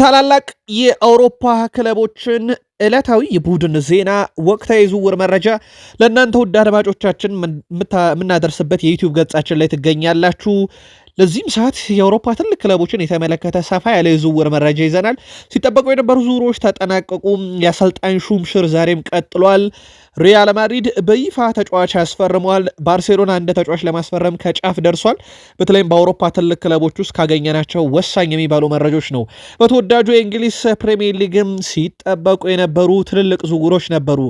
ታላላቅ የአውሮፓ ክለቦችን ዕለታዊ የቡድን ዜና፣ ወቅታዊ የዝውውር መረጃ ለእናንተ ውድ አድማጮቻችን የምናደርስበት የዩቲዩብ ገጻችን ላይ ትገኛላችሁ። ለዚህም ሰዓት የአውሮፓ ትልቅ ክለቦችን የተመለከተ ሰፋ ያለ የዝውውር መረጃ ይዘናል። ሲጠበቁ የነበሩ ዝውውሮች ተጠናቀቁ። የአሰልጣኝ ሹምሽር ዛሬም ቀጥሏል። ሪያል ማድሪድ በይፋ ተጫዋች ያስፈርመዋል። ባርሴሎና እንደ ተጫዋች ለማስፈረም ከጫፍ ደርሷል። በተለይም በአውሮፓ ትልቅ ክለቦች ውስጥ ካገኘናቸው ወሳኝ የሚባሉ መረጃዎች ነው። በተወዳጁ የእንግሊዝ ፕሪሚየር ሊግም ሲጠበቁ የነበሩ ትልልቅ ዝውውሮች ነበሩ።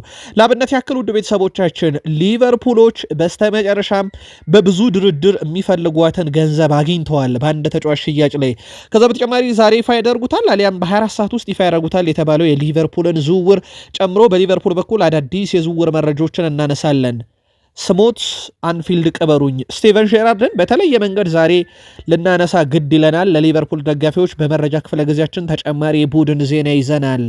ለአብነት ያክል ውድ ቤተሰቦቻችን ሊቨርፑሎች በስተመጨረሻም በብዙ ድርድር የሚፈልጓትን ገንዘብ አግኝተዋል በአንድ ተጫዋች ሽያጭ ላይ። ከዛ በተጨማሪ ዛሬ ይፋ ያደርጉታል አሊያም በ24 ሰዓት ውስጥ ይፋ ያደርጉታል የተባለው የሊቨርፑልን ዝውውር ጨምሮ በሊቨርፑል በኩል አዳዲስ የዝ የዝውውር መረጃዎችን እናነሳለን። ስሞት አንፊልድ ቅበሩኝ። ስቲቨን ጄራርድን በተለየ መንገድ ዛሬ ልናነሳ ግድ ይለናል። ለሊቨርፑል ደጋፊዎች በመረጃ ክፍለ ጊዜያችን ተጨማሪ የቡድን ዜና ይዘናል።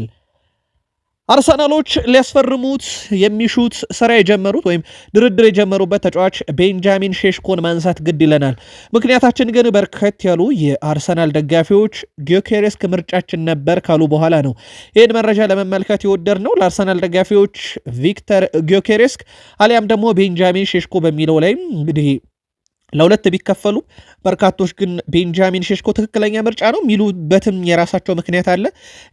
አርሰናሎች ሊያስፈርሙት የሚሹት ስራ የጀመሩት ወይም ድርድር የጀመሩበት ተጫዋች ቤንጃሚን ሼሽኮን ማንሳት ግድ ይለናል። ምክንያታችን ግን በርከት ያሉ የአርሰናል ደጋፊዎች ጊዮኬሬስክ ምርጫችን ነበር ካሉ በኋላ ነው። ይህን መረጃ ለመመልከት የወደድ ነው። ለአርሰናል ደጋፊዎች ቪክተር ጊዮኬሬስክ አሊያም ደግሞ ቤንጃሚን ሼሽኮ በሚለው ላይም እንግዲህ ለሁለት ቢከፈሉ በርካቶች ግን ቤንጃሚን ሸሽኮ ትክክለኛ ምርጫ ነው የሚሉበትም የራሳቸው ምክንያት አለ።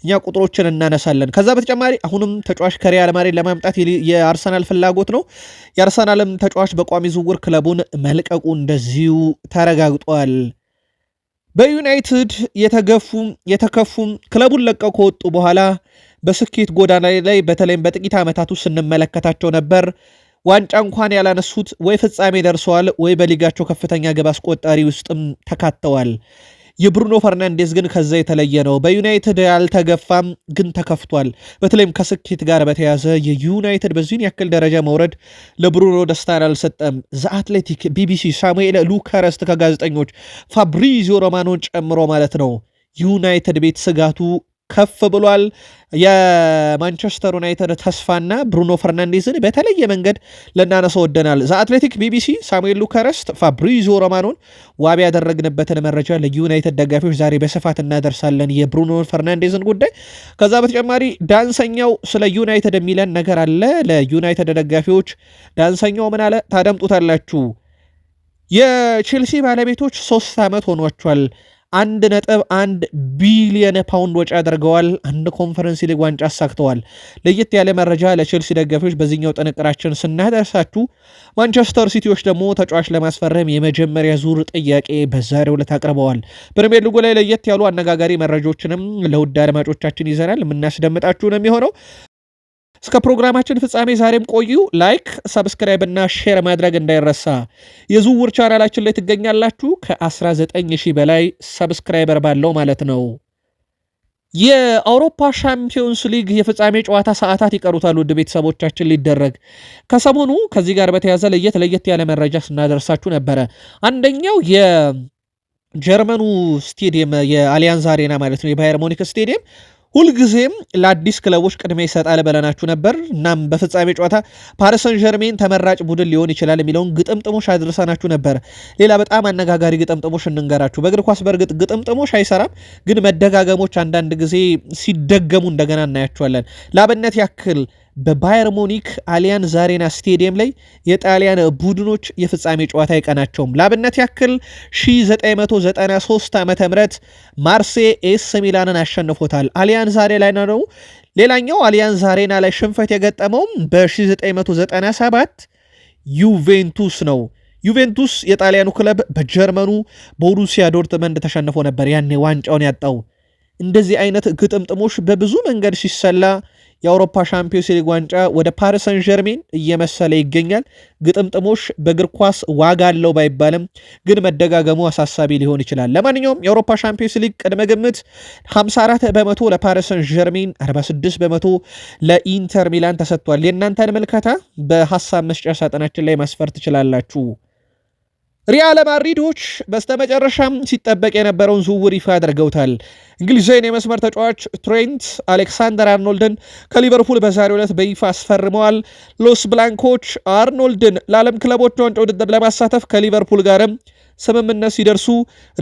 እኛ ቁጥሮችን እናነሳለን። ከዛ በተጨማሪ አሁንም ተጫዋች ከሪያል ማድሪድ ለማምጣት የአርሰናል ፍላጎት ነው። የአርሰናልም ተጫዋች በቋሚ ዝውውር ክለቡን መልቀቁ እንደዚሁ ተረጋግጧል። በዩናይትድ የተገፉም የተከፉም ክለቡን ለቀው ከወጡ በኋላ በስኬት ጎዳና ላይ በተለይም በጥቂት ዓመታት ውስጥ ስንመለከታቸው ነበር። ዋንጫ እንኳን ያላነሱት ወይ ፍጻሜ ደርሰዋል ወይ በሊጋቸው ከፍተኛ ግብ አስቆጣሪ ውስጥም ተካተዋል። የብሩኖ ፈርናንዴዝ ግን ከዛ የተለየ ነው። በዩናይትድ ያልተገፋም ግን ተከፍቷል። በተለይም ከስኬት ጋር በተያዘ የዩናይትድ በዚህን ያክል ደረጃ መውረድ ለብሩኖ ደስታን አልሰጠም። ዘ አትሌቲክ፣ ቢቢሲ፣ ሳሙኤል ሉከረስት ከጋዜጠኞች ፋብሪዚዮ ሮማኖን ጨምሮ ማለት ነው ዩናይትድ ቤት ስጋቱ ከፍ ብሏል። የማንቸስተር ዩናይትድ ተስፋና ብሩኖ ፈርናንዴዝን በተለየ መንገድ ልናነሳ ወደናል። ዘአትሌቲክ ቢቢሲ ሳሙኤል ሉከረስት ፋብሪዞ ሮማኖን ዋቢ ያደረግንበትን መረጃ ለዩናይትድ ደጋፊዎች ዛሬ በስፋት እናደርሳለን፣ የብሩኖ ፈርናንዴዝን ጉዳይ። ከዛ በተጨማሪ ዳንሰኛው ስለ ዩናይትድ የሚለን ነገር አለ። ለዩናይትድ ደጋፊዎች ዳንሰኛው ምን አለ? ታደምጡታላችሁ። የቼልሲ ባለቤቶች ሶስት ዓመት ሆኗቸዋል። አንድ ነጥብ አንድ ቢሊየን ፓውንድ ወጪ አድርገዋል። አንድ ኮንፈረንስ ሊግ ዋንጫ አሳክተዋል። ለየት ያለ መረጃ ለቼልሲ ደጋፊዎች በዚህኛው ጥንቅራችን ስናደርሳችሁ፣ ማንቸስተር ሲቲዎች ደግሞ ተጫዋች ለማስፈረም የመጀመሪያ ዙር ጥያቄ በዛሬው ዕለት አቅርበዋል። ፕሪሚየር ሊጉ ላይ ለየት ያሉ አነጋጋሪ መረጃዎችንም ለውድ አድማጮቻችን ይዘናል የምናስደምጣችሁ ነው የሚሆነው። እስከ ፕሮግራማችን ፍጻሜ ዛሬም ቆዩ። ላይክ፣ ሰብስክራይብ እና ሼር ማድረግ እንዳይረሳ። የዝውውር ቻናላችን ላይ ትገኛላችሁ ከ19000 በላይ ሰብስክራይበር ባለው ማለት ነው። የአውሮፓ ሻምፒዮንስ ሊግ የፍጻሜ ጨዋታ ሰዓታት ይቀሩታል። ውድ ቤተሰቦቻችን ሊደረግ ከሰሞኑ ከዚህ ጋር በተያዘ ለየት ለየት ያለ መረጃ ስናደርሳችሁ ነበረ። አንደኛው የ ጀርመኑ ስቴዲየም የአሊያንዝ አሬና ማለት ነው የባየር ሞኒክ ስቴዲየም ሁልጊዜም ለአዲስ ክለቦች ቅድሚያ ይሰጣል ብለናችሁ ነበር። እናም በፍጻሜ ጨዋታ ፓሪሰን ጀርሜን ተመራጭ ቡድን ሊሆን ይችላል የሚለውን ግጥምጥሞሽ አድርሰናችሁ ነበር። ሌላ በጣም አነጋጋሪ ግጥምጥሞሽ እንንገራችሁ። በእግር ኳስ በእርግጥ ግጥምጥሞሽ አይሰራም፣ ግን መደጋገሞች አንዳንድ ጊዜ ሲደገሙ እንደገና እናያቸዋለን። ለአብነት ያክል በባየር ሙኒክ አሊያን ዛሬና ስቴዲየም ላይ የጣሊያን ቡድኖች የፍጻሜ ጨዋታ አይቀናቸውም። ላብነት ያክል 1993 ዓ ም ማርሴ ኤስ ሚላንን አሸንፎታል አሊያን ዛሬ ላይ ነው። ሌላኛው አሊያን ዛሬና ላይ ሽንፈት የገጠመውም በ1997 ዩቬንቱስ ነው። ዩቬንቱስ የጣሊያኑ ክለብ በጀርመኑ ቦሩሲያ ዶርትመንድ ተሸንፎ ነበር ያኔ ዋንጫውን ያጣው። እንደዚህ አይነት ግጥምጥሞች በብዙ መንገድ ሲሰላ የአውሮፓ ሻምፒዮንስ ሊግ ዋንጫ ወደ ፓሪስ ሰን ጀርሜን እየመሰለ ይገኛል። ግጥምጥሞሽ በእግር ኳስ ዋጋ አለው ባይባልም ግን መደጋገሙ አሳሳቢ ሊሆን ይችላል። ለማንኛውም የአውሮፓ ሻምፒዮንስ ሊግ ቅድመ ግምት 54 በመቶ ለፓሪስ ሰን ዠርሜን፣ 46 በመቶ ለኢንተር ሚላን ተሰጥቷል። የእናንተን ምልከታ በሀሳብ መስጫ ሳጥናችን ላይ ማስፈር ትችላላችሁ። ሪያል ማድሪዶች በስተመጨረሻም ሲጠበቅ የነበረውን ዝውውር ይፋ አድርገውታል። እንግሊዛዊን የመስመር ተጫዋች ትሬንት አሌክሳንደር አርኖልድን ከሊቨርፑል በዛሬው ዕለት በይፋ አስፈርመዋል። ሎስ ብላንኮች አርኖልድን ለዓለም ክለቦች ዋንጫ ውድድር ለማሳተፍ ከሊቨርፑል ጋርም ስምምነት ሲደርሱ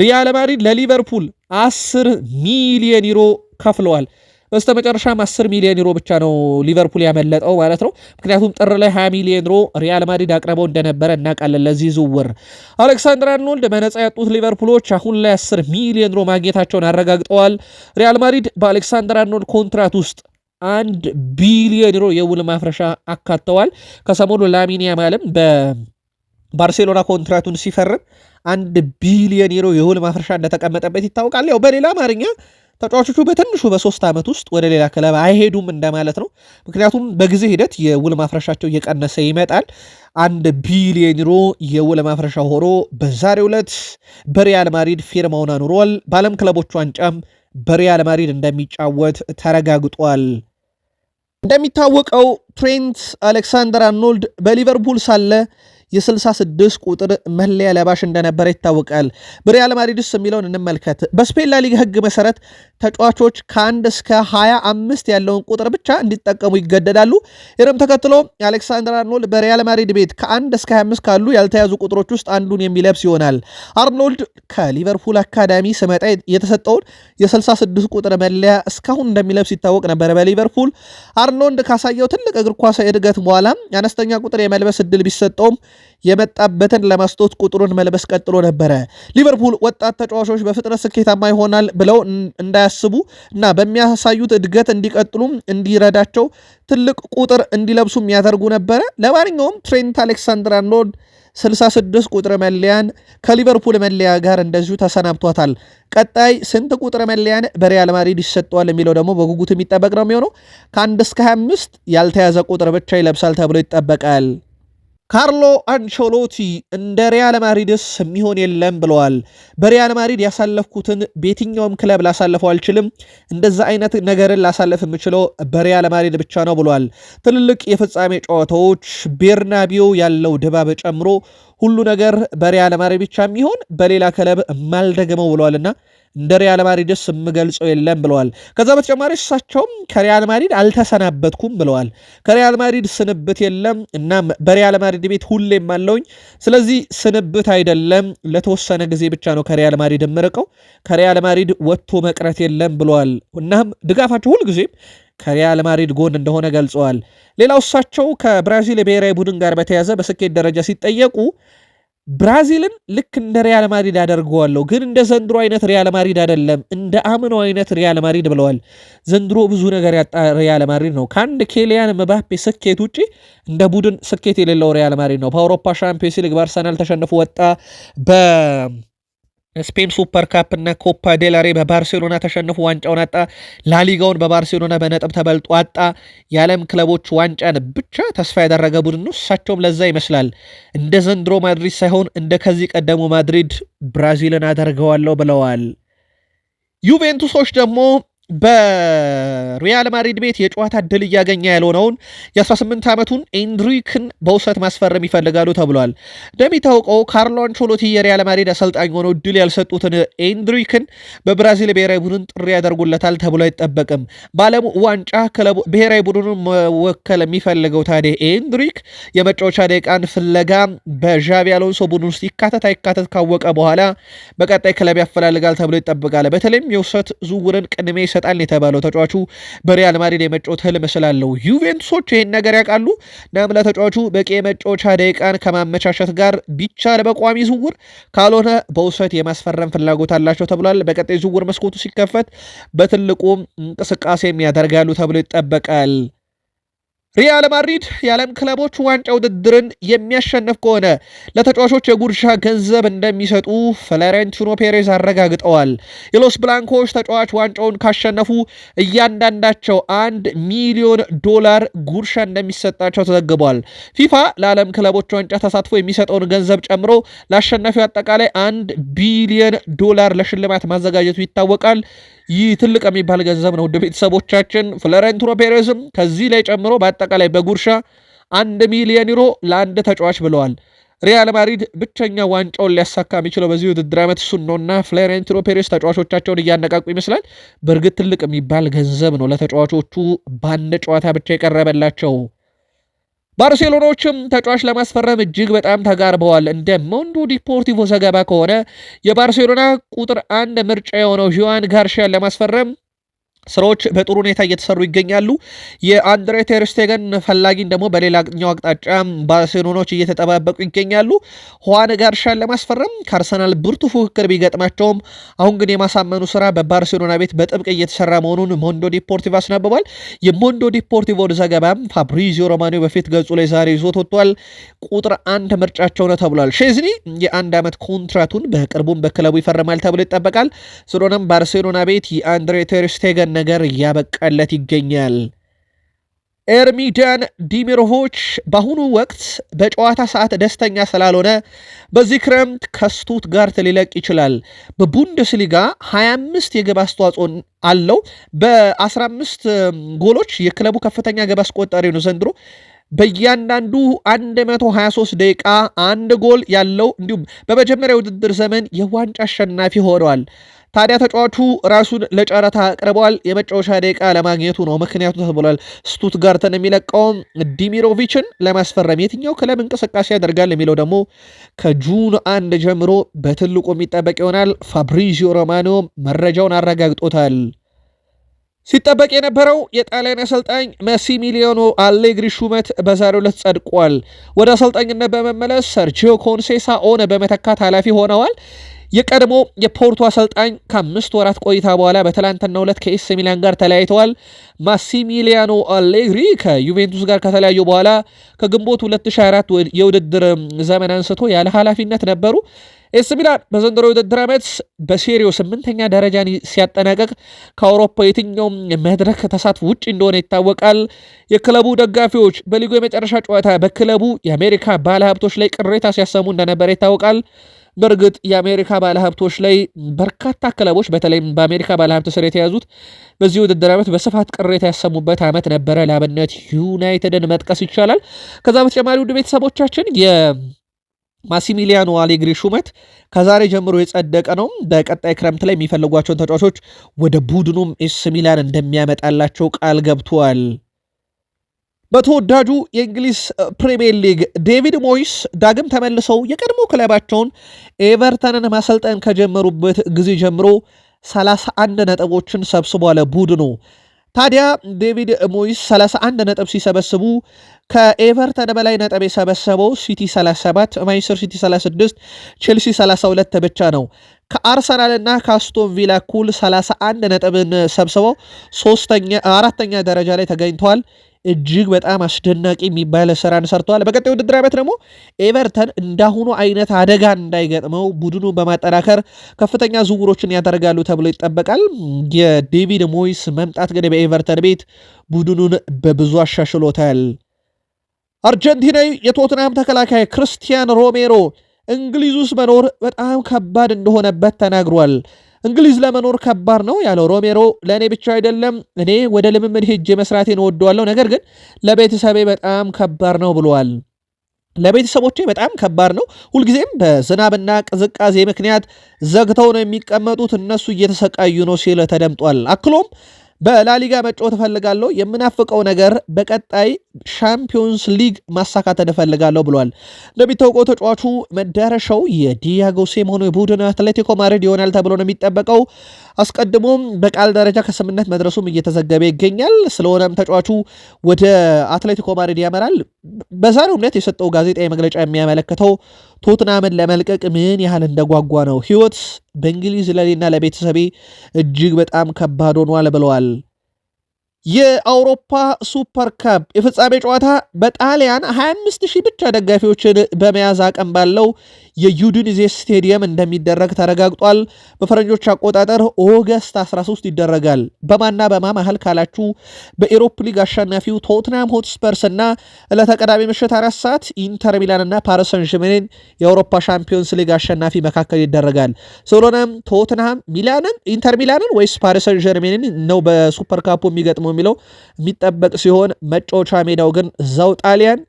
ሪያል ማድሪድ ለሊቨርፑል 10 ሚሊዮን ዩሮ ከፍለዋል። በስተ መጨረሻም 10 ሚሊዮን ዩሮ ብቻ ነው ሊቨርፑል ያመለጠው ማለት ነው። ምክንያቱም ጥር ላይ 20 ሚሊዮን ዩሮ ሪያል ማድሪድ አቅርበው እንደነበረ እናውቃለን። ለዚህ ዝውውር አሌክሳንድር አርኖልድ በነጻ ያጡት ሊቨርፑሎች አሁን ላይ 10 ሚሊዮን ዩሮ ማግኘታቸውን አረጋግጠዋል። ሪያል ማድሪድ በአሌክሳንድር አርኖልድ ኮንትራት ውስጥ አንድ ቢሊዮን ዩሮ የውል ማፍረሻ አካተዋል። ከሰሞኑ ላሚን ያማልም በባርሴሎና ኮንትራቱን ሲፈርም አንድ ቢሊዮን ዩሮ የውል ማፍረሻ እንደተቀመጠበት ይታወቃል። ያው በሌላ አማርኛ ተጫዋቾቹ በትንሹ በሶስት ዓመት ውስጥ ወደ ሌላ ክለብ አይሄዱም እንደማለት ነው። ምክንያቱም በጊዜ ሂደት የውል ማፍረሻቸው እየቀነሰ ይመጣል። አንድ ቢሊዮን ዩሮ የውል ማፍረሻ ሆኖ በዛሬ ዕለት በሪያል ማድሪድ ፊርማውን አኑሯል። በዓለም ክለቦች ዋንጫም በሪያል ማድሪድ እንደሚጫወት ተረጋግጧል። እንደሚታወቀው ትሬንት አሌክሳንደር አርኖልድ በሊቨርፑል ሳለ የ66 ቁጥር መለያ ለባሽ እንደነበረ ይታወቃል። በሪያል ማድሪድ የሚለውን እንመልከት። በስፔን ላሊጋ ህግ መሰረት ተጫዋቾች ከአንድ እስከ 25 ያለውን ቁጥር ብቻ እንዲጠቀሙ ይገደዳሉ። ይህንም ተከትሎ አሌክሳንደር አርኖልድ በሪያል ማድሪድ ቤት ከአንድ እስከ 25 ካሉ ያልተያዙ ቁጥሮች ውስጥ አንዱን የሚለብስ ይሆናል። አርኖልድ ከሊቨርፑል አካዳሚ ስመጣ የተሰጠውን የ66 ቁጥር መለያ እስካሁን እንደሚለብስ ይታወቅ ነበረ። በሊቨርፑል አርኖልድ ካሳየው ትልቅ እግር ኳስ እድገት በኋላ አነስተኛ ቁጥር የመልበስ እድል ቢሰጠውም የመጣበትን ለማስጦት ቁጥሩን መልበስ ቀጥሎ ነበረ። ሊቨርፑል ወጣት ተጫዋቾች በፍጥነት ስኬታማ ይሆናል ብለው እንዳያስቡ እና በሚያሳዩት እድገት እንዲቀጥሉም እንዲረዳቸው ትልቅ ቁጥር እንዲለብሱም ያደርጉ ነበረ። ለማንኛውም ትሬንት አሌክሳንድር አርኖልድ 66 ቁጥር መለያን ከሊቨርፑል መለያ ጋር እንደዚሁ ተሰናብቷታል። ቀጣይ ስንት ቁጥር መለያን በሪያል ማድሪድ ይሰጠዋል የሚለው ደግሞ በጉጉት የሚጠበቅ ነው የሚሆነው። ከአንድ እስከ 25 ያልተያዘ ቁጥር ብቻ ይለብሳል ተብሎ ይጠበቃል። ካርሎ አንቾሎቲ እንደ ሪያል ማድሪድስ የሚሆን የለም ብለዋል። በሪያል ማድሪድ ያሳለፍኩትን በየትኛውም ክለብ ላሳልፈው አልችልም። እንደዛ አይነት ነገርን ላሳልፍ የምችለው በሪያል ማድሪድ ብቻ ነው ብለዋል። ትልልቅ የፍጻሜ ጨዋታዎች ቤርናቢዮ ያለው ድባብ ጨምሮ ሁሉ ነገር በሪያል ማድሪድ ብቻ የሚሆን በሌላ ክለብ ማልደግመው ብለዋልና እንደ ሪያል ማድሪድስ የምገልጸው የለም ብለዋል። ከዛ በተጨማሪ እሳቸውም ከሪያል ማድሪድ አልተሰናበትኩም ብለዋል። ከሪያል ማድሪድ ስንብት የለም እና በሪያል ማድሪድ ቤት ሁሌም አለውኝ። ስለዚህ ስንብት አይደለም፣ ለተወሰነ ጊዜ ብቻ ነው ከሪያል ማድሪድ የምርቀው፣ ከሪያል ማድሪድ ወጥቶ መቅረት የለም ብለዋል። እናም ድጋፋቸው ሁልጊዜም ከሪያል ማድሪድ ጎን እንደሆነ ገልጸዋል። ሌላው እሳቸው ከብራዚል የብሔራዊ ቡድን ጋር በተያዘ በስኬት ደረጃ ሲጠየቁ ብራዚልን ልክ እንደ ሪያል ማድሪድ አደርገዋለሁ፣ ግን እንደ ዘንድሮ አይነት ሪያል ማድሪድ አይደለም፣ እንደ አምኖ አይነት ሪያል ማድሪድ ብለዋል። ዘንድሮ ብዙ ነገር ያጣ ሪያል ማድሪድ ነው። ከአንድ ኬሊያን መባፔ ስኬት ውጪ እንደ ቡድን ስኬት የሌለው ሪያል ማድሪድ ነው። በአውሮፓ ሻምፒዮንስ ሊግ በአርሰናል ተሸንፎ ወጣ። ስፔን ሱፐር ካፕ እና ኮፓ ዴላሬ በባርሴሎና ተሸንፎ ዋንጫውን አጣ። ላሊጋውን በባርሴሎና በነጥብ ተበልጦ አጣ። የዓለም ክለቦች ዋንጫን ብቻ ተስፋ ያደረገ ቡድን ነው። እሳቸውም ለዛ ይመስላል እንደ ዘንድሮ ማድሪድ ሳይሆን እንደ ከዚህ ቀደሙ ማድሪድ ብራዚልን አደርገዋለሁ ብለዋል። ዩቬንቱሶች ደግሞ በሪያል ማድሪድ ቤት የጨዋታ እድል እያገኘ ያልሆነውን የ18 ዓመቱን ኤንድሪክን በውሰት ማስፈረም ይፈልጋሉ ተብሏል። እንደሚታወቀው ካርሎ አንቾሎቲ የሪያል ማድሪድ አሰልጣኝ ሆነው እድል ያልሰጡትን ኤንድሪክን በብራዚል ብሔራዊ ቡድን ጥሪ ያደርጉለታል ተብሎ አይጠበቅም። በዓለም ዋንጫ ብሔራዊ ቡድኑን መወከል የሚፈልገው ታዲያ ኤንድሪክ የመጫወቻ ደቂቃን ፍለጋ በዣቢ አሎንሶ ቡድን ውስጥ ይካተት አይካተት ካወቀ በኋላ በቀጣይ ክለብ ያፈላልጋል ተብሎ ይጠበቃል። በተለይም የውሰት ዝውውርን ቅድሜ ይሰጣል የተባለው ተጫዋቹ በሪያል ማድሪድ የመጫወት ህልም ስላለው ዩቬንቱሶች ይህን ነገር ያውቃሉ። እናም ለተጫዋቹ በቂ የመጫወቻ ደቂቃን ከማመቻቸት ጋር ቢቻል በቋሚ ዝውውር ካልሆነ በውሰት የማስፈረም ፍላጎት አላቸው ተብሏል። በቀጣይ ዝውውር መስኮቱ ሲከፈት በትልቁም እንቅስቃሴም ያደርጋሉ ተብሎ ይጠበቃል። ሪያል ማድሪድ የዓለም ክለቦች ዋንጫ ውድድርን የሚያሸንፍ ከሆነ ለተጫዋቾች የጉርሻ ገንዘብ እንደሚሰጡ ፍሎሬንቲኖ ፔሬዝ አረጋግጠዋል። የሎስ ብላንኮች ተጫዋች ዋንጫውን ካሸነፉ እያንዳንዳቸው አንድ ሚሊዮን ዶላር ጉርሻ እንደሚሰጣቸው ተዘግቧል። ፊፋ ለዓለም ክለቦች ዋንጫ ተሳትፎ የሚሰጠውን ገንዘብ ጨምሮ ለአሸናፊው አጠቃላይ አንድ ቢሊዮን ዶላር ለሽልማት ማዘጋጀቱ ይታወቃል። ይህ ትልቅ የሚባል ገንዘብ ነው። ውድ ቤተሰቦቻችን ፍሎሬንቲኖ ፔሬዝም ከዚህ ላይ ጨምሮ በአጠቃላይ በጉርሻ አንድ ሚሊዮን ዩሮ ለአንድ ተጫዋች ብለዋል። ሪያል ማድሪድ ብቸኛ ዋንጫውን ሊያሳካ የሚችለው በዚህ ውድድር ዓመት እሱን ነው እና ፍሎሬንቲኖ ፔሬስ ተጫዋቾቻቸውን እያነቃቁ ይመስላል። በእርግጥ ትልቅ የሚባል ገንዘብ ነው ለተጫዋቾቹ በአንድ ጨዋታ ብቻ የቀረበላቸው። ባርሴሎናዎችም ተጫዋች ለማስፈረም እጅግ በጣም ተጋርበዋል። እንደ ሞንዶ ዲፖርቲቮ ዘገባ ከሆነ የባርሴሎና ቁጥር አንድ ምርጫ የሆነው ዥዋን ጋርሻን ለማስፈረም ስራዎች በጥሩ ሁኔታ እየተሰሩ ይገኛሉ። የአንድሬ ቴርስቴገን ፈላጊን ደግሞ በሌላኛው አቅጣጫ ባርሴሎናዎች እየተጠባበቁ ይገኛሉ። ሆዋን ጋርሻን ለማስፈረም ከአርሰናል ብርቱ ፉክክር ቢገጥማቸውም አሁን ግን የማሳመኑ ስራ በባርሴሎና ቤት በጥብቅ እየተሰራ መሆኑን ሞንዶ ዲፖርቲቭ አስነብቧል። የሞንዶ ዲፖርቲቮን ዘገባ ፋብሪዚዮ ሮማኒ በፊት ገጹ ላይ ዛሬ ይዞት ወጥቷል። ቁጥር አንድ ምርጫቸው ነው ተብሏል። ሼዝኒ የአንድ ዓመት ኮንትራቱን በቅርቡም በክለቡ ይፈርማል ተብሎ ይጠበቃል። ስለሆነም ባርሴሎና ቤት የአንድሬ ቴርስቴገን ነገር እያበቃለት ይገኛል። ኤርሚዳን ዲሚርሆች በአሁኑ ወቅት በጨዋታ ሰዓት ደስተኛ ስላልሆነ በዚህ ክረምት ከስቱትጋርት ሊለቅ ይችላል። በቡንደስሊጋ 25 የግብ አስተዋጽኦ አለው። በ15 ጎሎች የክለቡ ከፍተኛ ግብ አስቆጠሪ ነው ዘንድሮ። በእያንዳንዱ 123 ደቂቃ አንድ ጎል ያለው እንዲሁም በመጀመሪያ ውድድር ዘመን የዋንጫ አሸናፊ ሆነዋል። ታዲያ ተጫዋቹ ራሱን ለጨረታ አቅርበዋል። የመጫወቻ ደቂቃ ለማግኘቱ ነው ምክንያቱ ተብሏል። ስቱትጋርተን የሚለቀውም ዲሚሮቪችን ለማስፈረም የትኛው ክለብ እንቅስቃሴ ያደርጋል የሚለው ደግሞ ከጁን አንድ ጀምሮ በትልቁ የሚጠበቅ ይሆናል። ፋብሪዚዮ ሮማኖ መረጃውን አረጋግጦታል። ሲጠበቅ የነበረው የጣሊያን አሰልጣኝ ማሲሚሊያኖ አሌግሪ ሹመት በዛሬው ዕለት ጸድቋል። ወደ አሰልጣኝነት በመመለስ ሰርጂዮ ኦነ በመተካት ኃላፊ ሆነዋል። የቀድሞ የፖርቱ አሰልጣኝ ከአምስት ወራት ቆይታ በኋላ በትላንትናው ዕለት ከኤስ ሚላን ጋር ተለያይተዋል። ማሲሚሊያኖ አሌግሪ ከዩቬንቱስ ጋር ከተለያዩ በኋላ ከግንቦት 2024 የውድድር ዘመን አንስቶ ያለ ኃላፊነት ነበሩ። ኤስ ሚላን በዘንድሮ የውድድር ዓመት በሴሪው ስምንተኛ ደረጃን ሲያጠናቀቅ ከአውሮፓ የትኛውም መድረክ ተሳትፎ ውጭ እንደሆነ ይታወቃል። የክለቡ ደጋፊዎች በሊጉ የመጨረሻ ጨዋታ በክለቡ የአሜሪካ ባለሀብቶች ላይ ቅሬታ ሲያሰሙ እንደነበረ ይታወቃል። በእርግጥ የአሜሪካ ባለሀብቶች ላይ በርካታ ክለቦች በተለይም በአሜሪካ ባለሀብት ስር የተያዙት በዚህ ውድድር ዓመት በስፋት ቅሬታ ያሰሙበት ዓመት ነበረ። ለአብነት ዩናይትድን መጥቀስ ይቻላል። ከዛ በተጨማሪ ውድ ቤተሰቦቻችን ማሲሚሊያኖ አሌግሪ ሹመት ከዛሬ ጀምሮ የጸደቀ ነው። በቀጣይ ክረምት ላይ የሚፈልጓቸውን ተጫዋቾች ወደ ቡድኑም ኤስ ሚላን እንደሚያመጣላቸው ቃል ገብቷል። በተወዳጁ የእንግሊዝ ፕሪምየር ሊግ ዴቪድ ሞይስ ዳግም ተመልሰው የቀድሞ ክለባቸውን ኤቨርተንን ማሰልጠን ከጀመሩበት ጊዜ ጀምሮ 31 ነጥቦችን ሰብስቧል ቡድኑ። ታዲያ ዴቪድ ሞይስ 31 ነጥብ ሲሰበስቡ ከኤቨርተን በላይ ነጥብ የሰበሰበው ሲቲ 37፣ ማንቸስተር ሲቲ 36፣ ቼልሲ 32 ብቻ ነው። ከአርሰናልና ከአስቶን ቪላ እኩል 31 ነጥብን ሰብስበው አራተኛ ደረጃ ላይ ተገኝተዋል። እጅግ በጣም አስደናቂ የሚባል ስራን ሰርተዋል። በቀጣይ ውድድር ዓመት ደግሞ ኤቨርተን እንዳሁኑ አይነት አደጋ እንዳይገጥመው ቡድኑን በማጠናከር ከፍተኛ ዝውውሮችን ያደርጋሉ ተብሎ ይጠበቃል። የዴቪድ ሞይስ መምጣት ግን በኤቨርተን ቤት ቡድኑን በብዙ አሻሽሎታል። አርጀንቲናዊ የቶትናም ተከላካይ ክርስቲያን ሮሜሮ እንግሊዝ ውስጥ መኖር በጣም ከባድ እንደሆነበት ተናግሯል። እንግሊዝ ለመኖር ከባድ ነው ያለው ሮሜሮ፣ ለእኔ ብቻ አይደለም እኔ ወደ ልምምድ ሄጄ መስራቴን እወደዋለሁ፣ ነገር ግን ለቤተሰቤ በጣም ከባድ ነው ብለዋል። ለቤተሰቦቼ በጣም ከባድ ነው። ሁልጊዜም በዝናብና ቅዝቃዜ ምክንያት ዘግተው ነው የሚቀመጡት። እነሱ እየተሰቃዩ ነው ሲል ተደምጧል። አክሎም በላሊጋ መጫወት እፈልጋለሁ። የምናፍቀው ነገር በቀጣይ ሻምፒዮንስ ሊግ ማሳካት እፈልጋለሁ ብሏል። እንደሚታወቀው ተጫዋቹ መዳረሻው የዲያጎ ሲሞኔ ቡድን አትሌቲኮ ማድሪድ ይሆናል ተብሎ ነው የሚጠበቀው። አስቀድሞም በቃል ደረጃ ከስምነት መድረሱም እየተዘገበ ይገኛል። ስለሆነም ተጫዋቹ ወደ አትሌቲኮ ማድሪድ ያመራል። በዛሬው እምነት የሰጠው ጋዜጣዊ መግለጫ የሚያመለክተው ቶትናምን ለመልቀቅ ምን ያህል እንደጓጓ ነው። ህይወት በእንግሊዝ ለሌና ለቤተሰቤ እጅግ በጣም ከባድ ሆኗል ብለዋል። የአውሮፓ ሱፐር ካፕ የፍጻሜ ጨዋታ በጣሊያን 25 ሺህ ብቻ ደጋፊዎችን በመያዝ አቅም ባለው የዩድኒዜ ስቴዲየም እንደሚደረግ ተረጋግጧል። በፈረንጆች አቆጣጠር ኦገስት 13 ይደረጋል። በማና በማ መሀል ካላችሁ በኤሮፕ ሊግ አሸናፊው ቶትናም ሆትስፐርስ እና ለተቀዳሚ ምሽት አራት ሰዓት ኢንተር ሚላን እና ፓሪሰን ዥምኔን የአውሮፓ ሻምፒዮንስ ሊግ አሸናፊ መካከል ይደረጋል። ስለሆነም ቶትናም ሚላንን፣ ኢንተር ሚላንን ወይስ ፓሪሰን ዥርሜንን ነው በሱፐር ካፑ የሚገጥመው ነው የሚለው የሚጠበቅ ሲሆን መጫወቻ ሜዳው ግን እዛው ጣሊያን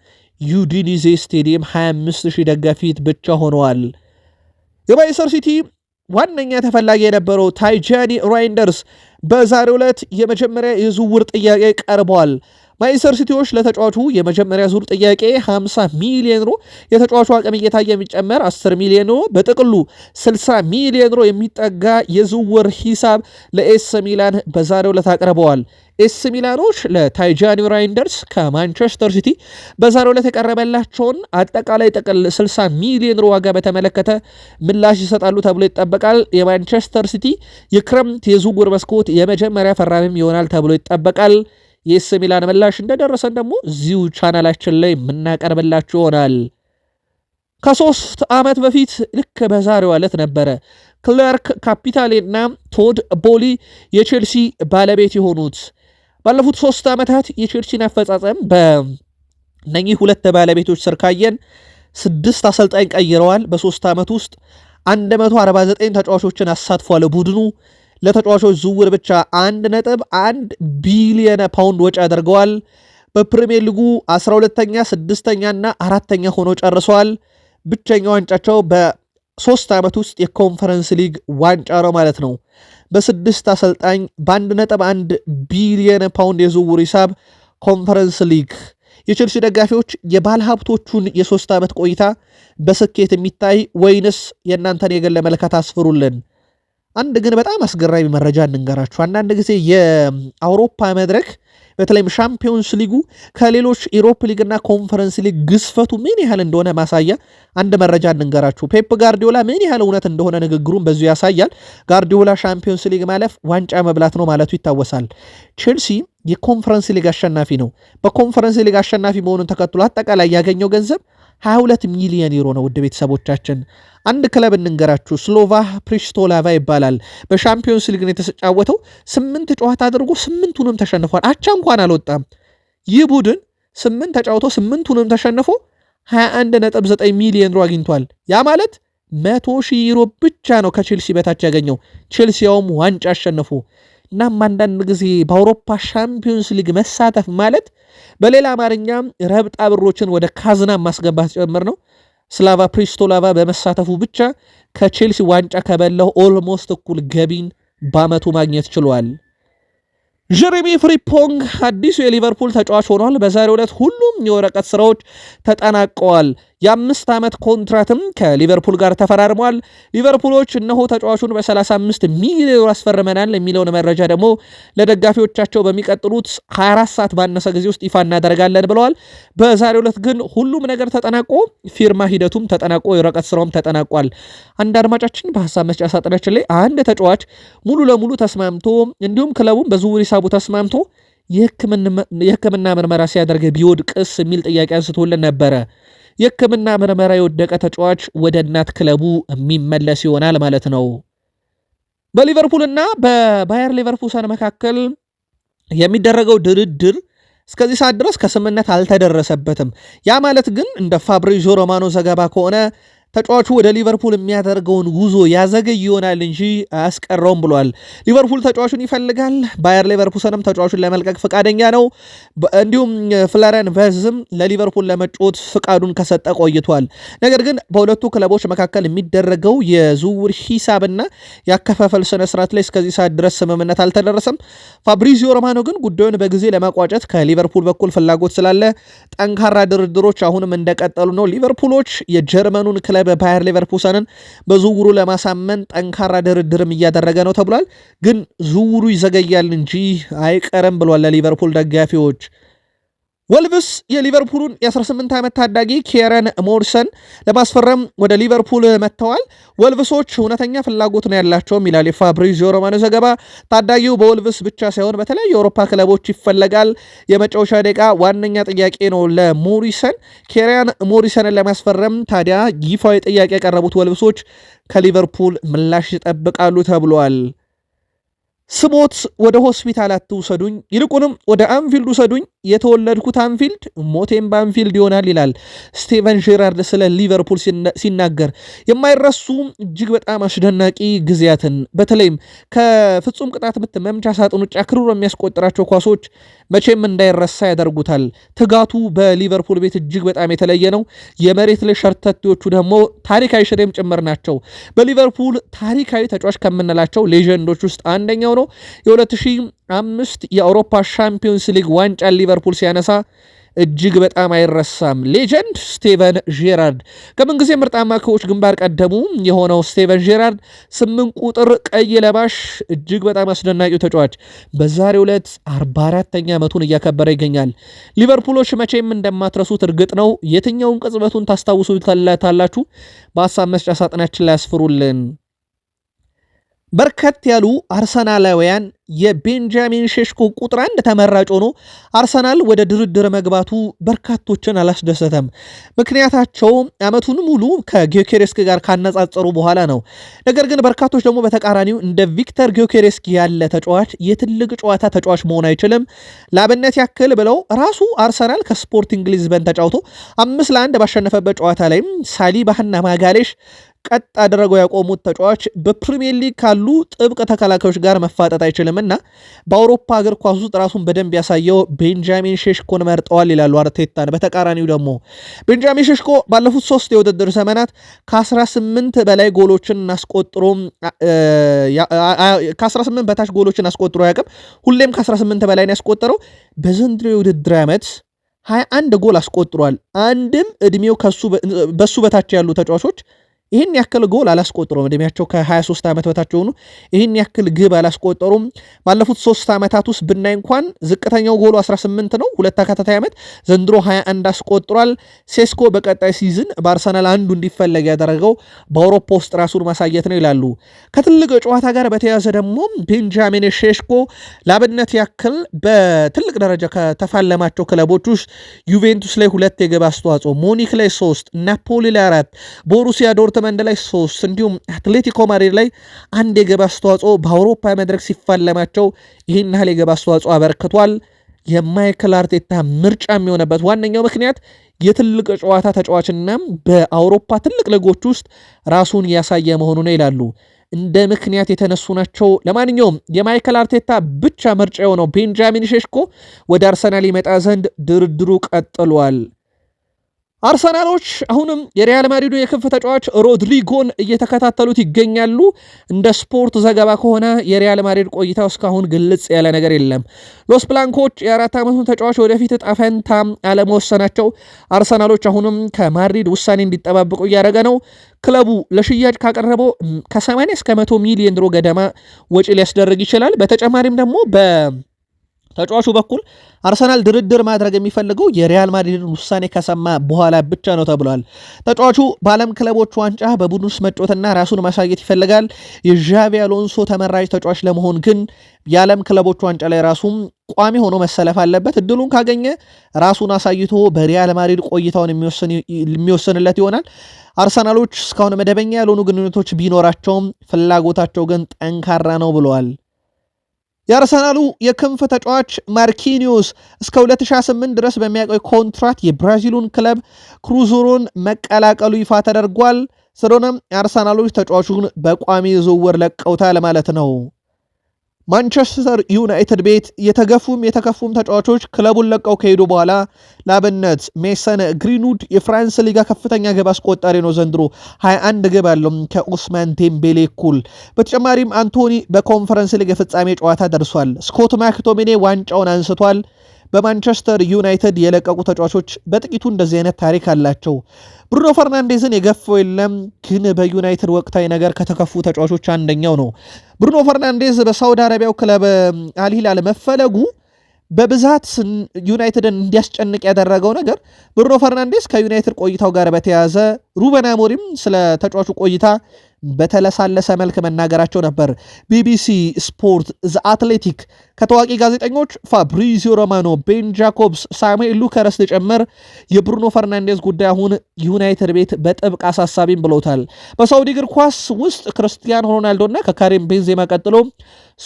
ዩዲኒዜ ስቴዲየም 25000 ደጋፊት ብቻ ሆነዋል። የማንቸስተር ሲቲ ዋነኛ ተፈላጊ የነበረው ታይጃኒ ራይንደርስ በዛሬው ዕለት የመጀመሪያ የዝውውር ጥያቄ ቀርቧል። ማንቸስተር ሲቲዎች ለተጫዋቹ የመጀመሪያ ዙር ጥያቄ 50 ሚሊዮን ሮ የተጫዋቹ አቅም እየታየ የሚጨመር 10 ሚሊዮን ሮ በጥቅሉ 60 ሚሊዮን ሮ የሚጠጋ የዝውውር ሂሳብ ለኤስ ሚላን በዛሬው ዕለት አቅርበዋል። ኤስ ሚላኖች ለታይጃኒ ራይንደርስ ከማንቸስተር ሲቲ በዛሬው ዕለት የቀረበላቸውን አጠቃላይ ጥቅል 60 ሚሊዮን ዋጋ በተመለከተ ምላሽ ይሰጣሉ ተብሎ ይጠበቃል። የማንቸስተር ሲቲ የክረምት የዝውውር መስኮት የመጀመሪያ ፈራሚም ይሆናል ተብሎ ይጠበቃል። የኤስ ሚላን ምላሽ እንደደረሰን ደግሞ እዚሁ ቻናላችን ላይ የምናቀርብላችሁ ይሆናል። ከሶስት ዓመት በፊት ልክ በዛሬው ዕለት ነበረ ክለርክ ካፒታሌና ቶድ ቦሊ የቼልሲ ባለቤት የሆኑት። ባለፉት ሶስት ዓመታት የቼልሲን አፈጻጸም በነኚህ ሁለት ባለቤቶች ስር ካየን ስድስት አሰልጣኝ ቀይረዋል። በሶስት ዓመት ውስጥ 149 ተጫዋቾችን አሳትፏል። ቡድኑ ለተጫዋቾች ዝውውር ብቻ አንድ ነጥብ አንድ ቢሊየን ፓውንድ ወጪ አድርገዋል። በፕሪሚየር ሊጉ 12ተኛ፣ ስድስተኛና አራተኛ ሆነው ጨርሰዋል። ብቸኛ ዋንጫቸው በሶስት ዓመት ውስጥ የኮንፈረንስ ሊግ ዋንጫ ነው ማለት ነው። በስድስት አሰልጣኝ በ1.1 ቢሊየን ፓውንድ የዝውውር ሂሳብ ኮንፈረንስ ሊግ የቼልሲ ደጋፊዎች የባለሀብቶቹን ሀብቶቹን የሶስት ዓመት ቆይታ በስኬት የሚታይ ወይንስ የእናንተን የግል ምልከታ አስፍሩልን? አንድ ግን በጣም አስገራሚ መረጃ እንንገራችሁ። አንዳንድ ጊዜ የአውሮፓ መድረክ በተለይም ሻምፒዮንስ ሊጉ ከሌሎች ኢሮፕ ሊግና ኮንፈረንስ ሊግ ግዝፈቱ ምን ያህል እንደሆነ ማሳያ አንድ መረጃ እንንገራችሁ። ፔፕ ጋርዲዮላ ምን ያህል እውነት እንደሆነ ንግግሩን በዚሁ ያሳያል። ጋርዲዮላ ሻምፒዮንስ ሊግ ማለፍ ዋንጫ መብላት ነው ማለቱ ይታወሳል። ቼልሲ የኮንፈረንስ ሊግ አሸናፊ ነው። በኮንፈረንስ ሊግ አሸናፊ መሆኑን ተከትሎ አጠቃላይ ያገኘው ገንዘብ 22 ሚሊዮን ዩሮ ነው። ውድ ቤተሰቦቻችን አንድ ክለብ እንንገራችሁ። ስሎቫ ፕሪስቶላቫ ይባላል። በሻምፒዮንስ ሊግ ነው የተጫወተው። ስምንት ጨዋታ አድርጎ ስምንቱንም ተሸንፏል። አቻ እንኳን አልወጣም። ይህ ቡድን ስምንት ተጫውቶ ስምንቱንም ተሸንፎ 21.9 ሚሊዮን ዩሮ አግኝቷል። ያ ማለት መቶ ሺህ ዩሮ ብቻ ነው ከቼልሲ በታች ያገኘው። ቼልሲያውም ዋንጫ አሸንፎ እናም አንዳንድ ጊዜ በአውሮፓ ሻምፒዮንስ ሊግ መሳተፍ ማለት በሌላ አማርኛም ረብጣ ብሮችን ወደ ካዝና ማስገባት ጭምር ነው። ስላቫ ፕሪስቶላቫ በመሳተፉ ብቻ ከቼልሲ ዋንጫ ከበላው ኦልሞስት እኩል ገቢን በአመቱ ማግኘት ችሏል። ጀሬሚ ፍሪፖንግ አዲሱ የሊቨርፑል ተጫዋች ሆኗል። በዛሬው ዕለት ሁሉም የወረቀት ስራዎች ተጠናቀዋል። የአምስት ዓመት ኮንትራትም ከሊቨርፑል ጋር ተፈራርሟል። ሊቨርፑሎች እነሆ ተጫዋቹን በ35 ሚሊዮን አስፈርመናል የሚለውን መረጃ ደግሞ ለደጋፊዎቻቸው በሚቀጥሉት 24 ሰዓት ባነሰ ጊዜ ውስጥ ይፋ እናደርጋለን ብለዋል። በዛሬው ዕለት ግን ሁሉም ነገር ተጠናቆ ፊርማ ሂደቱም ተጠናቆ የወረቀት ስራውም ተጠናቋል። አንድ አድማጫችን በሀሳብ መስጫ ሳጥናችን ላይ አንድ ተጫዋች ሙሉ ለሙሉ ተስማምቶ እንዲሁም ክለቡም በዝውውር ሂሳቡ ተስማምቶ የሕክምና ምርመራ ሲያደርግ ቢወድቅስ የሚል ጥያቄ አንስቶልን ነበረ። የሕክምና ምርመራ የወደቀ ተጫዋች ወደ እናት ክለቡ የሚመለስ ይሆናል ማለት ነው። በሊቨርፑል እና በባየር ሊቨርፑሰን መካከል የሚደረገው ድርድር እስከዚህ ሰዓት ድረስ ከስምነት አልተደረሰበትም። ያ ማለት ግን እንደ ፋብሪዞ ሮማኖ ዘገባ ከሆነ ተጫዋቹ ወደ ሊቨርፑል የሚያደርገውን ጉዞ ያዘገይ ይሆናል እንጂ አያስቀረውም ብሏል። ሊቨርፑል ተጫዋቹን ይፈልጋል። ባየር ሌቨርኩሰንም ተጫዋቹን ለመልቀቅ ፈቃደኛ ነው። እንዲሁም ፍለረን ቨዝም ለሊቨርፑል ለመጫወት ፍቃዱን ከሰጠ ቆይቷል። ነገር ግን በሁለቱ ክለቦች መካከል የሚደረገው የዝውውር ሂሳብና ያከፋፈል ስነስርዓት ላይ እስከዚህ ሰዓት ድረስ ስምምነት አልተደረሰም። ፋብሪዚዮ ሮማኖ ግን ጉዳዩን በጊዜ ለማቋጨት ከሊቨርፑል በኩል ፍላጎት ስላለ ጠንካራ ድርድሮች አሁንም እንደቀጠሉ ነው። ሊቨርፑሎች የጀርመኑን ክለብ በተለይ በባየር ሌቨርኩሰንን በዝውውሩ ለማሳመን ጠንካራ ድርድርም እያደረገ ነው ተብሏል። ግን ዝውውሩ ይዘገያል እንጂ አይቀርም ብሏል ለሊቨርፑል ደጋፊዎች ወልቭስ የሊቨርፑሉን የ18 ዓመት ታዳጊ ኬረን ሞርሰን ለማስፈረም ወደ ሊቨርፑል መጥተዋል። ወልቭሶች እውነተኛ ፍላጎት ነው ያላቸውም ይላል የፋብሪዚዮ ሮማኖ ዘገባ። ታዳጊው በወልቭስ ብቻ ሳይሆን በተለያዩ የአውሮፓ ክለቦች ይፈለጋል። የመጫወቻ ደቂቃ ዋነኛ ጥያቄ ነው ለሞሪሰን። ኬሪያን ሞሪሰንን ለማስፈረም ታዲያ ይፋዊ ጥያቄ ያቀረቡት ወልቭሶች ከሊቨርፑል ምላሽ ይጠብቃሉ ተብሏል። ስሞት ወደ ሆስፒታል አትውሰዱኝ፣ ይልቁንም ወደ አንፊልድ ውሰዱኝ። የተወለድኩት አንፊልድ ሞቴም በአንፊልድ ይሆናል ይላል ስቴቨን ጄራርድ ስለ ሊቨርፑል ሲናገር። የማይረሱ እጅግ በጣም አስደናቂ ጊዜያትን በተለይም ከፍጹም ቅጣት ምት መምቻ ሳጥን ውጭ አክርሮ የሚያስቆጥራቸው ኳሶች መቼም እንዳይረሳ ያደርጉታል። ትጋቱ በሊቨርፑል ቤት እጅግ በጣም የተለየ ነው። የመሬት ላይ ሸርተቴዎቹ ደግሞ ታሪካዊ ሽሬም ጭምር ናቸው። በሊቨርፑል ታሪካዊ ተጫዋች ከምንላቸው ሌጀንዶች ውስጥ አንደኛው ነው። ነው። የ2005 የአውሮፓ ሻምፒዮንስ ሊግ ዋንጫን ሊቨርፑል ሲያነሳ እጅግ በጣም አይረሳም። ሌጀንድ ስቴቨን ጄራርድ ከምንጊዜ ምርጥ አማካዮች ግንባር ቀደሙ የሆነው ስቴቨን ጄራርድ ስምንት ቁጥር ቀይ ለባሽ እጅግ በጣም አስደናቂው ተጫዋች በዛሬው ዕለት 44 ተኛ ዓመቱን እያከበረ ይገኛል። ሊቨርፑሎች መቼም እንደማትረሱት እርግጥ ነው። የትኛውን ቅጽበቱን ታስታውሱታላችሁ? በሀሳብ መስጫ ሳጥናችን ላይ ያስፍሩልን። በርከት ያሉ አርሰናላውያን የቤንጃሚን ሼሽኮ ቁጥር አንድ ተመራጭ ሆኖ አርሰናል ወደ ድርድር መግባቱ በርካቶችን አላስደሰተም። ምክንያታቸው ዓመቱን ሙሉ ከጊዮኬሬስክ ጋር ካነጻጸሩ በኋላ ነው። ነገር ግን በርካቶች ደግሞ በተቃራኒው እንደ ቪክተር ጊዮኬሬስክ ያለ ተጫዋች የትልቅ ጨዋታ ተጫዋች መሆን አይችልም፣ ላብነት ያክል ብለው ራሱ አርሰናል ከስፖርቲንግ ሊዝበን ተጫውቶ አምስት ለአንድ ባሸነፈበት ጨዋታ ላይም ሳሊባህና ማጋሌሽ ቀጥ አድርገው ያቆሙት ተጫዋች በፕሪሚየር ሊግ ካሉ ጥብቅ ተከላካዮች ጋር መፋጠጥ አይችልምና በአውሮፓ እግር ኳስ ውስጥ ራሱን በደንብ ያሳየው ቤንጃሚን ሼሽኮን መርጠዋል ይላሉ አርቴታን። በተቃራኒው ደግሞ ቤንጃሚን ሼሽኮ ባለፉት ሶስት የውድድር ዘመናት ከ18 18 በታች ጎሎችን አስቆጥሮ ያቅም ሁሌም ከ18 በላይ ነው ያስቆጠረው። በዘንድሮ የውድድር ዓመት 21 ጎል አስቆጥሯል። አንድም እድሜው በሱ በታች ያሉ ተጫዋቾች ይህን ያክል ጎል አላስቆጠሩም። እድሜያቸው ከ23 ዓመት በታች የሆኑ ይህን ያክል ግብ አላስቆጠሩም። ባለፉት ሶስት ዓመታት ውስጥ ብናይ እንኳን ዝቅተኛው ጎሉ 18 ነው፣ ሁለት ተከታታይ ዓመት። ዘንድሮ 21 አስቆጥሯል። ሴስኮ በቀጣይ ሲዝን በአርሰናል አንዱ እንዲፈለግ ያደረገው በአውሮፓ ውስጥ ራሱን ማሳየት ነው ይላሉ። ከትልቅ ጨዋታ ጋር በተያያዘ ደግሞ ቤንጃሚን ሼሽኮ ለአብነት ያክል በትልቅ ደረጃ ከተፋለማቸው ክለቦች ውስጥ ዩቬንቱስ ላይ ሁለት የግብ አስተዋጽኦ፣ ሞኒክ ላይ ሶስት፣ ናፖሊ ላይ አራት፣ ቦሩሲያ ዶርት ሰርተመንድ ላይ ሶስት እንዲሁም አትሌቲኮ ማድሪድ ላይ አንድ የግብ አስተዋጽኦ በአውሮፓ መድረክ ሲፋለማቸው ይህን ያህል የግብ አስተዋጽኦ አበርክቷል። የማይክል አርቴታ ምርጫ የሚሆነበት ዋነኛው ምክንያት የትልቅ ጨዋታ ተጫዋችና በአውሮፓ ትልቅ ልጎች ውስጥ ራሱን ያሳየ መሆኑ ነው ይላሉ። እንደ ምክንያት የተነሱ ናቸው። ለማንኛውም የማይክል አርቴታ ብቻ ምርጫ የሆነው ቤንጃሚን ሼሽኮ ወደ አርሰናል ይመጣ ዘንድ ድርድሩ ቀጥሏል። አርሰናሎች አሁንም የሪያል ማድሪዱ የክንፍ ተጫዋች ሮድሪጎን እየተከታተሉት ይገኛሉ። እንደ ስፖርት ዘገባ ከሆነ የሪያል ማድሪድ ቆይታ እስካሁን ግልጽ ያለ ነገር የለም። ሎስ ብላንኮች የአራት ዓመቱን ተጫዋች ወደፊት ጣፈንታ ፈንታ አለመወሰናቸው አርሰናሎች አሁንም ከማድሪድ ውሳኔ እንዲጠባበቁ እያደረገ ነው። ክለቡ ለሽያጭ ካቀረበው ከ80 እስከ 100 ሚሊዮን ድሮ ገደማ ወጪ ሊያስደርግ ይችላል። በተጨማሪም ደግሞ በ ተጫዋቹ በኩል አርሰናል ድርድር ማድረግ የሚፈልገው የሪያል ማድሪድን ውሳኔ ከሰማ በኋላ ብቻ ነው ተብሏል። ተጫዋቹ በዓለም ክለቦች ዋንጫ በቡድን ውስጥ መጫወትና ራሱን ማሳየት ይፈልጋል። የዣቪ አሎንሶ ተመራጭ ተጫዋች ለመሆን ግን የዓለም ክለቦች ዋንጫ ላይ ራሱም ቋሚ ሆኖ መሰለፍ አለበት። እድሉን ካገኘ ራሱን አሳይቶ በሪያል ማድሪድ ቆይታውን የሚወስንለት ይሆናል። አርሰናሎች እስካሁን መደበኛ ያልሆኑ ግንኙነቶች ቢኖራቸውም ፍላጎታቸው ግን ጠንካራ ነው ብለዋል። የአርሰናሉ የክንፍ ተጫዋች ማርኪኒዮስ እስከ 2008 ድረስ በሚያቆይ ኮንትራት የብራዚሉን ክለብ ክሩዙሩን መቀላቀሉ ይፋ ተደርጓል። ስለሆነም የአርሰናሎች ተጫዋቹን በቋሚ ዝውውር ለቀውታል ማለት ነው። ማንቸስተር ዩናይትድ ቤት የተገፉም የተከፉም ተጫዋቾች ክለቡን ለቀው ከሄዱ በኋላ ለአብነት ሜሰን ግሪንውድ የፍራንስ ሊጋ ከፍተኛ ግብ አስቆጣሪ ነው። ዘንድሮ 21 ግብ አለው ከኡስማን ቴምቤሌ እኩል። በተጨማሪም አንቶኒ በኮንፈረንስ ሊግ የፍጻሜ ጨዋታ ደርሷል። ስኮት ማክቶሚኔ ዋንጫውን አንስቷል። በማንቸስተር ዩናይትድ የለቀቁ ተጫዋቾች በጥቂቱ እንደዚህ አይነት ታሪክ አላቸው። ብሩኖ ፈርናንዴዝን የገፈው የለም፣ ግን በዩናይትድ ወቅታዊ ነገር ከተከፉ ተጫዋቾች አንደኛው ነው። ብሩኖ ፈርናንዴዝ በሳውዲ አረቢያው ክለብ አልሂላል መፈለጉ በብዛት ዩናይትድን እንዲያስጨንቅ ያደረገው ነገር ብሩኖ ፈርናንዴስ ከዩናይትድ ቆይታው ጋር በተያያዘ ሩበን አሞሪም ስለ ተጫዋቹ ቆይታ በተለሳለሰ መልክ መናገራቸው ነበር። ቢቢሲ ስፖርት፣ ዘ አትሌቲክ ከታዋቂ ጋዜጠኞች ፋብሪዚዮ ሮማኖ፣ ቤን ጃኮብስ፣ ሳሙኤል ሉከረስ ጭምር የብሩኖ ፈርናንዴዝ ጉዳይ አሁን ዩናይትድ ቤት በጥብቅ አሳሳቢም ብለውታል። በሳውዲ እግር ኳስ ውስጥ ክርስቲያኖ ሮናልዶና ከካሪም ቤንዜማ ቀጥሎ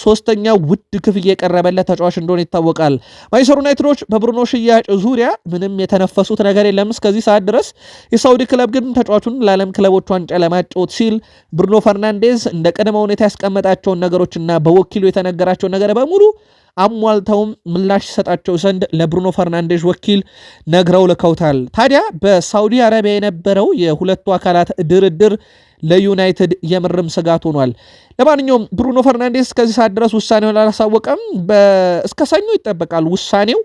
ሶስተኛ ውድ ክፍያ የቀረበለት ተጫዋች እንደሆነ ይታወቃል። ማንችስተር ዩናይትዶች በብሩኖ ሽያጭ ዙሪያ ምንም የተነፈሱት ነገር የለም እስከዚህ ሰዓት ድረስ። የሳውዲ ክለብ ግን ተጫዋቹን ለዓለም ክለቦች ዋንጫ ለማጫወት ሲል ብሩኖ ፈርናንዴዝ እንደ ቅድመ ሁኔታ ያስቀመጣቸውን ነገሮችና በወኪሉ የተነገራቸውን ነገር በሙሉ አሟልተውም ምላሽ ሰጣቸው ዘንድ ለብሩኖ ፈርናንዴዥ ወኪል ነግረው ልከውታል። ታዲያ በሳውዲ አረቢያ የነበረው የሁለቱ አካላት ድርድር ለዩናይትድ የምርም ስጋት ሆኗል። ለማንኛውም ብሩኖ ፈርናንዴስ እስከዚህ ሰዓት ድረስ ውሳኔውን አላሳወቀም። እስከ ሰኞ ይጠበቃል ውሳኔው።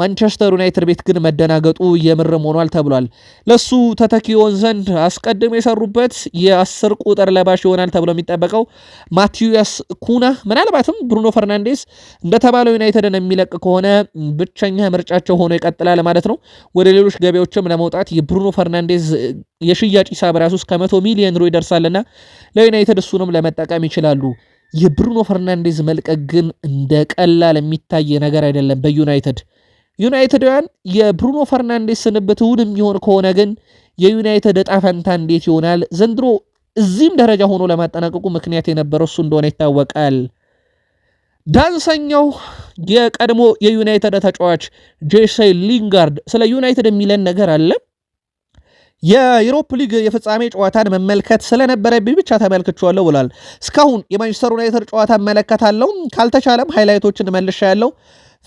ማንቸስተር ዩናይትድ ቤት ግን መደናገጡ የምርም ሆኗል ተብሏል። ለሱ ተተኪውን ዘንድ አስቀድሞ የሰሩበት የአስር ቁጥር ለባሽ ይሆናል ተብሎ የሚጠበቀው ማቲያስ ኩና ምናልባትም ብሩኖ ፈርናንዴስ እንደተባለው ዩናይትድን የሚለቅ ከሆነ ብቸኛ ምርጫቸው ሆኖ ይቀጥላል ማለት ነው። ወደ ሌሎች ገበያዎችም ለመውጣት የብሩኖ ፈርናንዴዝ የሽያጭ ሂሳብ ራሱ እስከ መቶ ሚሊዮን ሮ ይደርሳልና ለዩናይትድ እሱንም ለመጠቀም ይችላሉ። የብሩኖ ፈርናንዴዝ መልቀቅ ግን እንደ ቀላል የሚታይ ነገር አይደለም በዩናይትድ ዩናይትዳውያን የብሩኖ ፈርናንዴስ ስንብት እውን የሚሆን ከሆነ ግን የዩናይትድ እጣ ፈንታ እንዴት ይሆናል? ዘንድሮ እዚህም ደረጃ ሆኖ ለማጠናቀቁ ምክንያት የነበረው እሱ እንደሆነ ይታወቃል። ዳንሰኛው የቀድሞ የዩናይትድ ተጫዋች ጄሴ ሊንጋርድ ስለ ዩናይትድ የሚለን ነገር አለ። የዩሮፕ ሊግ የፍጻሜ ጨዋታን መመልከት ስለነበረብኝ ብቻ ተመልክቼዋለሁ ብሏል። እስካሁን የማንቸስተር ዩናይትድ ጨዋታ እመለከታለሁ፣ ካልተቻለም ሃይላይቶችን መልሻ ያለው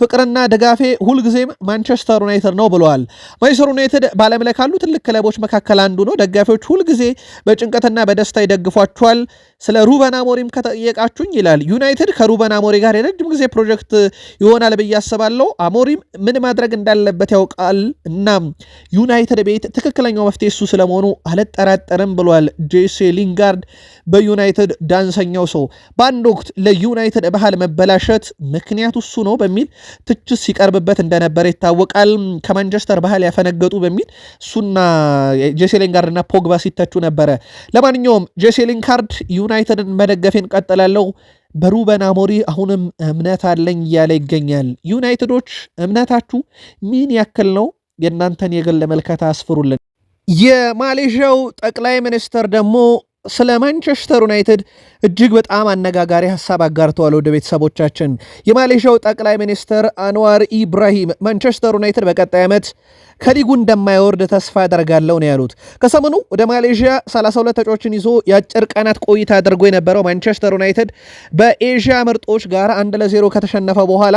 ፍቅርና ድጋፌ ሁልጊዜም ማንቸስተር ዩናይትድ ነው ብለዋል። ማንቸስተር ዩናይትድ በዓለም ላይ ካሉ ትልቅ ክለቦች መካከል አንዱ ነው። ደጋፊዎች ሁልጊዜ በጭንቀትና በደስታ ይደግፏቸዋል። ስለ ሩበን አሞሪም ከጠየቃችሁኝ ይላል ዩናይትድ ከሩበን አሞሪ ጋር የረጅም ጊዜ ፕሮጀክት ይሆናል ብዬ አስባለሁ። አሞሪም ምን ማድረግ እንዳለበት ያውቃል። እናም ዩናይትድ ቤት ትክክለኛው መፍትሄ እሱ ስለመሆኑ አልጠራጠርም ብሏል። ጄሴ ሊንጋርድ በዩናይትድ ዳንሰኛው ሰው በአንድ ወቅት ለዩናይትድ ባህል መበላሸት ምክንያቱ እሱ ነው በሚል ትችት ሲቀርብበት እንደነበረ ይታወቃል። ከማንቸስተር ባህል ያፈነገጡ በሚል እሱና ጄሴ እና ፖግባ ሲተቹ ነበረ። ለማንኛውም ጄሴ ሊንጋርድ ዩናይትድን መደገፌን ቀጥላለሁ። በሩበን አሞሪ አሁንም እምነት አለኝ እያለ ይገኛል። ዩናይትዶች እምነታችሁ ምን ያክል ነው? የእናንተን የግል ምልከታ አስፍሩልን። የማሌዥያው ጠቅላይ ሚኒስትር ደግሞ ስለ ማንቸስተር ዩናይትድ እጅግ በጣም አነጋጋሪ ሀሳብ አጋርተዋል። ወደ ቤተሰቦቻችን የማሌዥያው ጠቅላይ ሚኒስትር አንዋር ኢብራሂም ማንቸስተር ዩናይትድ በቀጣይ ዓመት ከሊጉ እንደማይወርድ ተስፋ ያደርጋለሁ ነው ያሉት። ከሰሞኑ ወደ ማሌዥያ 32 ተጫዎችን ይዞ የአጭር ቀናት ቆይታ አድርጎ የነበረው ማንቸስተር ዩናይትድ በኤዥያ ምርጦች ጋር አንድ ለዜሮ ከተሸነፈ በኋላ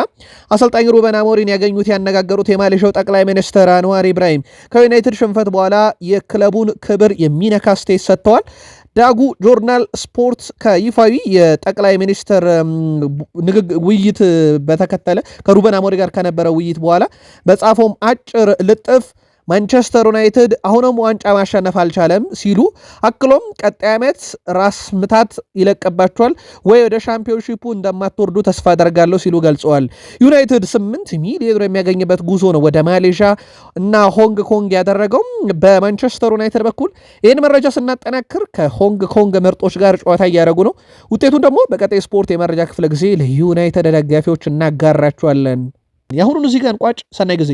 አሰልጣኝ ሩበን አሞሪን ያገኙት ያነጋገሩት የማሌዥያው ጠቅላይ ሚኒስትር አንዋር ኢብራሂም ከዩናይትድ ሽንፈት በኋላ የክለቡን ክብር የሚነካ ስቴት ሰጥተዋል። ዳጉ ጆርናል ስፖርት ከይፋዊ የጠቅላይ ሚኒስትር ውይይት በተከተለ ከሩበን አሞሪ ጋር ከነበረ ውይይት በኋላ በጻፈውም አጭር ልጥፍ ማንቸስተር ዩናይትድ አሁንም ዋንጫ ማሸነፍ አልቻለም ሲሉ አክሎም ቀጣይ ዓመት ራስ ምታት ይለቀባቸዋል ወይ ወደ ሻምፒዮንሺፑ እንደማትወርዱ ተስፋ አደርጋለሁ ሲሉ ገልጸዋል። ዩናይትድ 8 ሚሊዮን የሚያገኝበት ጉዞ ነው ወደ ማሌዥያ እና ሆንግ ኮንግ ያደረገው። በማንቸስተር ዩናይትድ በኩል ይህን መረጃ ስናጠናክር ከሆንግ ኮንግ ምርጦች ጋር ጨዋታ እያደረጉ ነው። ውጤቱን ደግሞ በቀጣይ ስፖርት የመረጃ ክፍለ ጊዜ ለዩናይትድ ደጋፊዎች እናጋራቸዋለን። የአሁኑን እዚህ ጋር እንቋጭ። ሰናይ ጊዜ